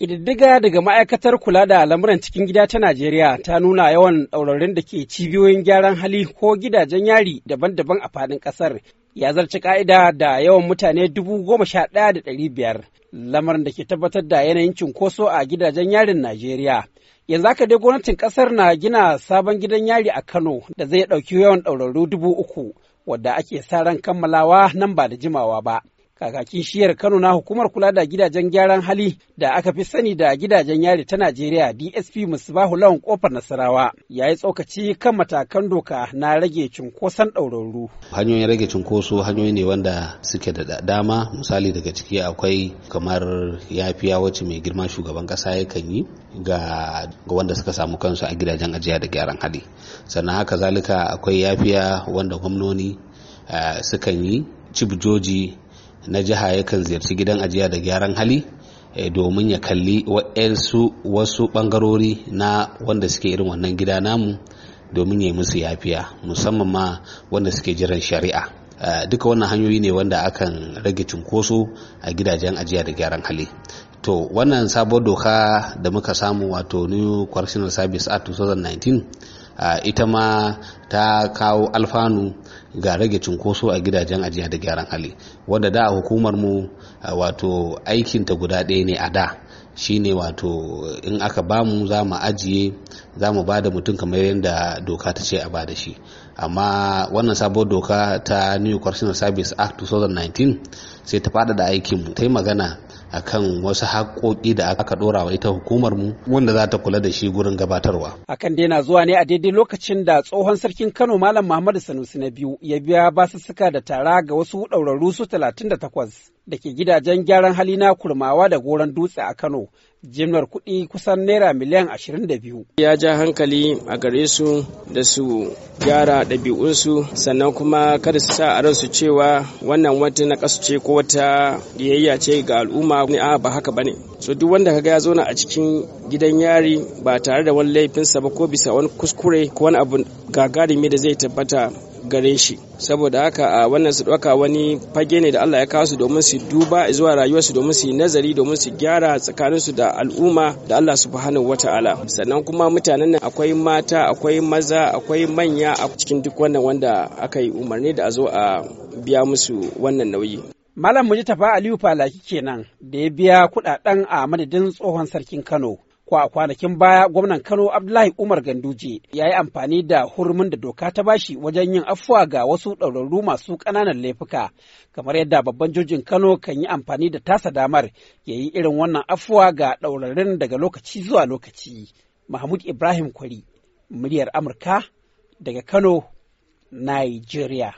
Ƙididdiga daga ma'aikatar kula da lamuran cikin gida ta Najeriya ta nuna yawan ɗaurarin da ke cibiyoyin gyaran hali ko gidajen yari daban-daban a faɗin ƙasar ya zarci ƙa'ida da yawan mutane dubu goma sha ɗaya da ɗari biyar lamarin da ke tabbatar da yanayin cunkoso a gidajen yarin Najeriya. Yanzu haka dai gwamnatin ƙasar na gina sabon gidan yari a Kano da zai ɗauki yawan ɗaurarru dubu uku wadda ake sa ran kammalawa nan ba da jimawa ba. kakakin shiyar Kano na hukumar kula da gidajen gyaran hali da aka fi sani da gidajen yari ta Najeriya DSP Musbahu Lawan Kofar Nasarawa ya yi tsokaci kan matakan doka na rage cunkoson ɗaurarru. Hanyoyin rage cunkoso hanyoyi ne wanda suke da dama misali daga ciki akwai kamar yafiya wacce mai girma shugaban ƙasa yakan yi ga wanda suka samu kansu a gidajen ajiya da gyaran hali sannan haka zalika akwai yafiya wanda gwamnoni eh, sukan yi cibjoji na jiha yakan ziyarci gidan ajiya da gyaran hali eh, domin ya kalli waɗansu wasu bangarori na wanda suke irin wannan gida namu domin ya yi musu yafiya musamman ma wanda suke jiran shari'a eh, duka wannan hanyoyi ne wanda akan rage cunkoso a gidajen ajiya da gyaran hali to wannan sabon doka da muka samu wato new correctional service act 2019 ita ma ta kawo alfanu ga rage cunkoso a gidajen ajiya da gyaran hali wadda da hukumar mu wato aikinta guda ɗaya ne a da shine wato in aka bamu za mu ajiye za mu ba da mutum kamar yadda doka ta ce a ba da shi amma wannan sabuwar doka ta new correctional service act 2019 sai ta faɗaɗa aikinmu ta yi magana akan wasu haƙoƙi da aka ɗora wa ita hukumar mu wanda za ta kula da shi gurin gabatarwa. Akan dai na zuwa ne a daidai lokacin da tsohon sarkin Kano Malam Muhammadu Sanusi na biyu ya biya basussuka da tara ga wasu ɗaurarru su 38 da ke gidajen gyaran hali na kurmawa da goron dutse a Kano jimlar kuɗi kusan naira miliyan 22. Ya ja hankali a gare su da su gyara ɗabi'unsu sannan kuma kada su sa a ransu cewa wannan wata na ƙasa ce ko wata biyayya ce ga al'umma ne a ba haka ba ne. So duk wanda kaga ya zauna a cikin gidan yari ba tare da wani laifinsa ba ko bisa wani kuskure ko wani abu gagarumi da zai tabbata gare shi saboda haka a wannan su ɗauka wani fage ne da Allah ya kawo su domin su duba zuwa rayuwarsu domin su yi nazari domin su gyara tsakanin su da al'umma da Allah subhanahu wata'ala sannan kuma mutanen nan akwai mata akwai maza akwai manya a cikin duk wannan wanda aka yi umarni da a zo a biya musu wannan nauyi Malam Mujitafa Aliyu Falaki kenan da ya biya kudaden a madadin tsohon sarkin Kano. kwa kwanakin baya gwamnan Kano Abdullahi Umar Ganduje ya yi amfani da hurumin da doka ta bashi wajen yin afuwa ga wasu ɗaurarru masu ƙananan laifuka kamar yadda babban jojin Kano kan yi amfani da tasa damar ya yi irin wannan afuwa ga ɗaurarrun daga lokaci zuwa lokaci. Mahmud Ibrahim Kwari, muryar Amurka daga Kano, Nigeria.